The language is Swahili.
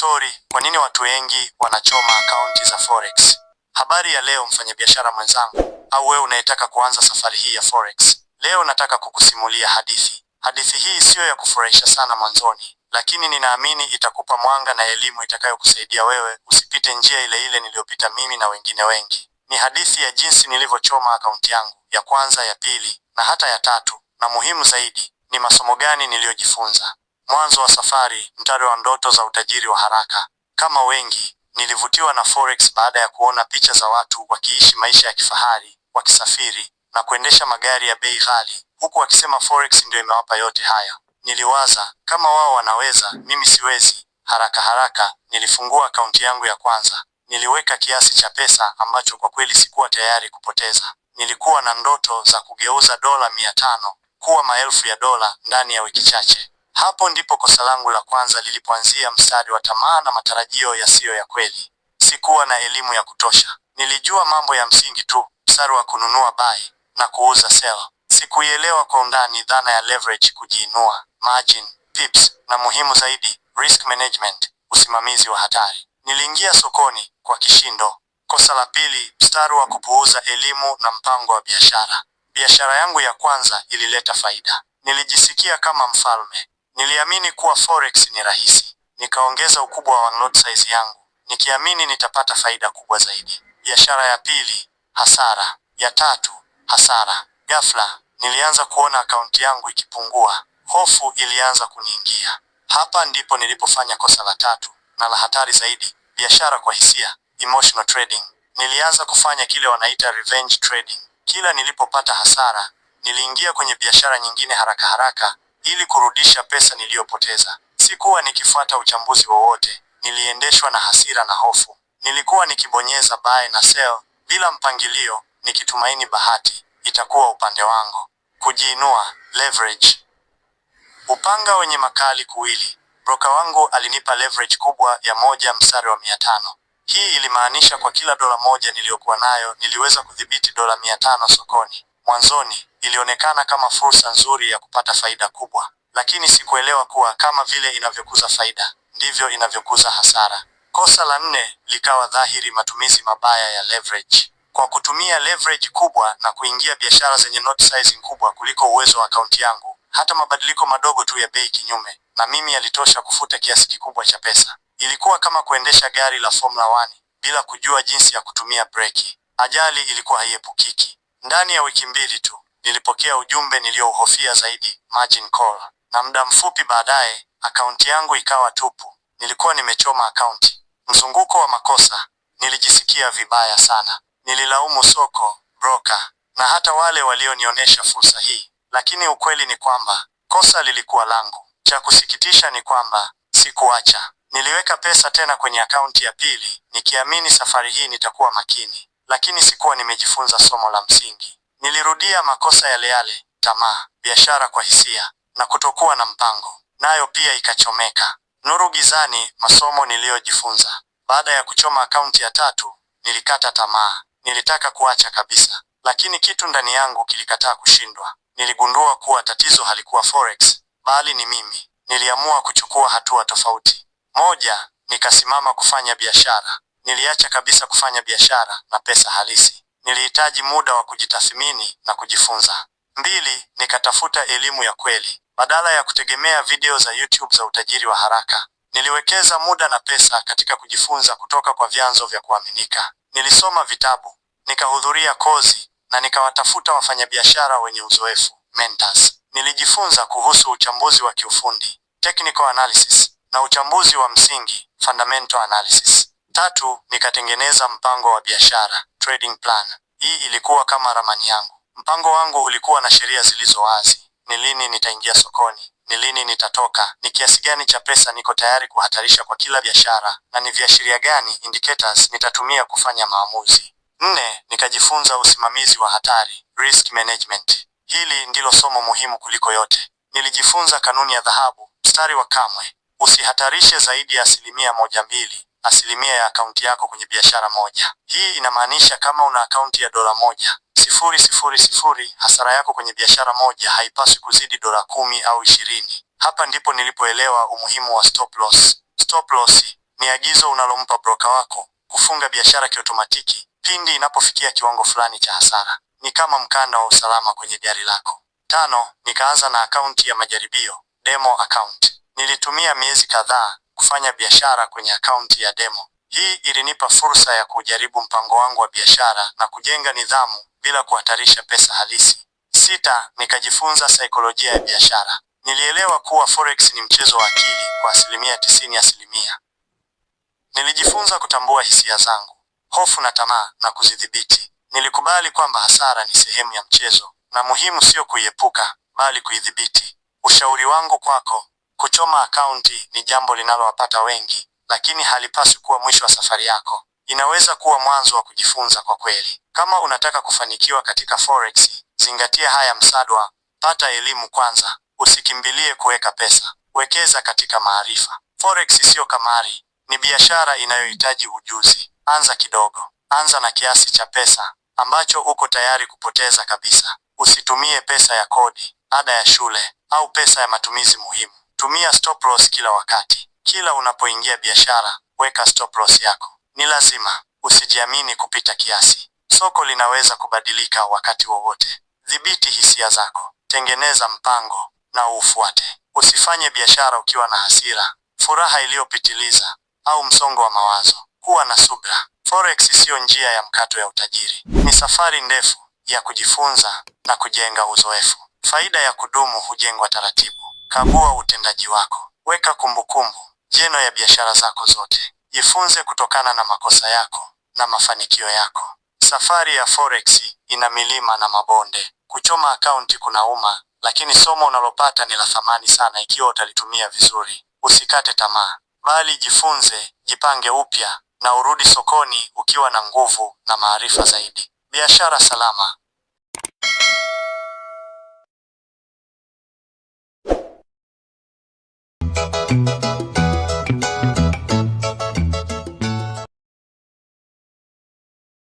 Stori: kwa nini watu wengi wanachoma akaunti za forex? Habari ya leo, mfanyabiashara mwenzangu, au wewe unayetaka kuanza safari hii ya forex. Leo nataka kukusimulia hadithi. Hadithi hii siyo ya kufurahisha sana mwanzoni, lakini ninaamini itakupa mwanga na elimu itakayokusaidia wewe usipite njia ile ile niliyopita mimi na wengine wengi. Ni hadithi ya jinsi nilivyochoma akaunti yangu ya kwanza, ya pili na hata ya tatu, na muhimu zaidi ni masomo gani niliyojifunza. Mwanzo wa safari, mtaro wa ndoto za utajiri wa haraka. Kama wengi, nilivutiwa na forex baada ya kuona picha za watu wakiishi maisha ya kifahari, wakisafiri na kuendesha magari ya bei ghali, huku wakisema forex ndio imewapa yote haya. Niliwaza, kama wao wanaweza, mimi siwezi. Haraka haraka nilifungua akaunti yangu ya kwanza. Niliweka kiasi cha pesa ambacho kwa kweli sikuwa tayari kupoteza. Nilikuwa na ndoto za kugeuza dola mia tano kuwa maelfu ya dola ndani ya wiki chache. Hapo ndipo kosa langu la kwanza lilipoanzia, mstari wa tamaa na matarajio yasiyo ya kweli. Sikuwa na elimu ya kutosha, nilijua mambo ya msingi tu, mstari wa kununua buy na kuuza sell. Sikuielewa kwa undani dhana ya leverage, kujiinua, margin, pips na muhimu zaidi, risk management, usimamizi wa hatari. Niliingia sokoni kwa kishindo. Kosa la pili, mstari wa kupuuza elimu na mpango wa biashara. Biashara yangu ya kwanza ilileta faida, nilijisikia kama mfalme Niliamini kuwa forex ni rahisi, nikaongeza ukubwa wa lot size yangu nikiamini nitapata faida kubwa zaidi. Biashara ya pili hasara, ya tatu hasara. Ghafla nilianza kuona akaunti yangu ikipungua, hofu ilianza kuniingia. Hapa ndipo nilipofanya kosa la tatu na la hatari zaidi, biashara kwa hisia, emotional trading. Nilianza kufanya kile wanaita revenge trading. Kila nilipopata hasara, niliingia kwenye biashara nyingine haraka haraka ili kurudisha pesa niliyopoteza. Sikuwa nikifuata uchambuzi wowote, niliendeshwa na hasira na hofu. Nilikuwa nikibonyeza buy na sell bila mpangilio, nikitumaini bahati itakuwa upande wangu. Kujiinua, leverage. Upanga wenye makali kuwili. Broka wangu alinipa leverage kubwa ya moja mstari wa mia tano. Hii ilimaanisha kwa kila dola moja niliyokuwa nayo niliweza kudhibiti dola mia tano sokoni. Mwanzoni Ilionekana kama fursa nzuri ya kupata faida kubwa, lakini sikuelewa kuwa kama vile inavyokuza faida ndivyo inavyokuza hasara. Kosa la nne likawa dhahiri, matumizi mabaya ya leverage. Kwa kutumia leverage kubwa na kuingia biashara zenye lot sizing kubwa kuliko uwezo wa akaunti yangu, hata mabadiliko madogo tu ya bei kinyume na mimi yalitosha kufuta kiasi kikubwa cha pesa. Ilikuwa kama kuendesha gari la Formula 1 bila kujua jinsi ya kutumia breki. Ajali ilikuwa haiepukiki. Ndani ya wiki mbili tu nilipokea ujumbe niliohofia zaidi, margin call, na muda mfupi baadaye akaunti yangu ikawa tupu. Nilikuwa nimechoma akaunti. Mzunguko wa makosa. Nilijisikia vibaya sana, nililaumu soko, broker na hata wale walionionyesha fursa hii, lakini ukweli ni kwamba kosa lilikuwa langu. Cha kusikitisha ni kwamba sikuacha. Niliweka pesa tena kwenye akaunti ya pili, nikiamini safari hii nitakuwa makini, lakini sikuwa nimejifunza somo la msingi. Nilirudia makosa yale yale: tamaa, biashara kwa hisia na kutokuwa na mpango, nayo pia ikachomeka. Nuru gizani. Masomo niliyojifunza baada ya kuchoma akaunti ya tatu, nilikata tamaa, nilitaka kuacha kabisa, lakini kitu ndani yangu kilikataa kushindwa. Niligundua kuwa tatizo halikuwa forex bali ni mimi. Niliamua kuchukua hatua tofauti. Moja, nikasimama kufanya biashara. Niliacha kabisa kufanya biashara na pesa halisi nilihitaji muda wa kujitathmini na kujifunza. Mbili, nikatafuta elimu ya kweli badala ya kutegemea video za YouTube za utajiri wa haraka. Niliwekeza muda na pesa katika kujifunza kutoka kwa vyanzo vya kuaminika. Nilisoma vitabu, nikahudhuria kozi na nikawatafuta wafanyabiashara wenye uzoefu mentors. Nilijifunza kuhusu uchambuzi wa kiufundi technical analysis na uchambuzi wa msingi fundamental analysis. Tatu, nikatengeneza mpango wa biashara trading plan. Hii ilikuwa kama ramani yangu. Mpango wangu ulikuwa na sheria zilizo wazi: ni lini nitaingia sokoni, ni lini nitatoka, ni kiasi gani cha pesa niko tayari kuhatarisha kwa kila biashara, na ni viashiria gani indicators nitatumia kufanya maamuzi. Nne, nikajifunza usimamizi wa hatari, risk management. Hili ndilo somo muhimu kuliko yote. Nilijifunza kanuni ya dhahabu, mstari wa kamwe, usihatarishe zaidi ya asilimia moja mbili asilimia ya akaunti yako kwenye biashara moja. Hii inamaanisha kama una akaunti ya dola moja sifuri sifuri sifuri, hasara yako kwenye biashara moja haipaswi kuzidi dola kumi au ishirini. Hapa ndipo nilipoelewa umuhimu wa stop loss. Stop loss ni agizo unalompa broka wako kufunga biashara kiotomatiki pindi inapofikia kiwango fulani cha hasara. Ni kama mkanda wa usalama kwenye gari lako. Tano, nikaanza na akaunti ya majaribio, demo account. Nilitumia miezi kadhaa kufanya biashara kwenye akaunti ya demo. Hii ilinipa fursa ya kujaribu mpango wangu wa biashara na kujenga nidhamu bila kuhatarisha pesa halisi. Sita, nikajifunza saikolojia ya biashara. Nilielewa kuwa forex ni mchezo wa akili kwa asilimia tisini asilimia. Nilijifunza kutambua hisia zangu, hofu na tamaa na kuzidhibiti. Nilikubali kwamba hasara ni sehemu ya mchezo na muhimu sio kuiepuka bali kuidhibiti. Ushauri wangu kwako Kuchoma akaunti ni jambo linalowapata wengi, lakini halipaswi kuwa mwisho wa safari yako. Inaweza kuwa mwanzo wa kujifunza kwa kweli. Kama unataka kufanikiwa katika forex, zingatia haya msadwa: pata elimu kwanza, usikimbilie kuweka pesa, wekeza katika maarifa. Forex siyo kamari, ni biashara inayohitaji ujuzi. Anza kidogo, anza na kiasi cha pesa ambacho uko tayari kupoteza kabisa. Usitumie pesa ya kodi, ada ya shule, au pesa ya matumizi muhimu. Tumia stop loss kila wakati. Kila unapoingia biashara, weka stop loss yako. Ni lazima. Usijiamini kupita kiasi. Soko linaweza kubadilika wakati wowote. Dhibiti hisia zako. Tengeneza mpango na ufuate. Usifanye biashara ukiwa na hasira, furaha iliyopitiliza au msongo wa mawazo. Kuwa na subra. Forex siyo njia ya mkato ya utajiri. Ni safari ndefu ya kujifunza na kujenga uzoefu. Faida ya kudumu hujengwa taratibu. Kagua utendaji wako, weka kumbukumbu jeno ya biashara zako zote, jifunze kutokana na makosa yako na mafanikio yako. Safari ya forex ina milima na mabonde. Kuchoma akaunti kunauma, lakini somo unalopata ni la thamani sana ikiwa utalitumia vizuri. Usikate tamaa, bali jifunze, jipange upya na urudi sokoni ukiwa na nguvu na maarifa zaidi. Biashara salama thank you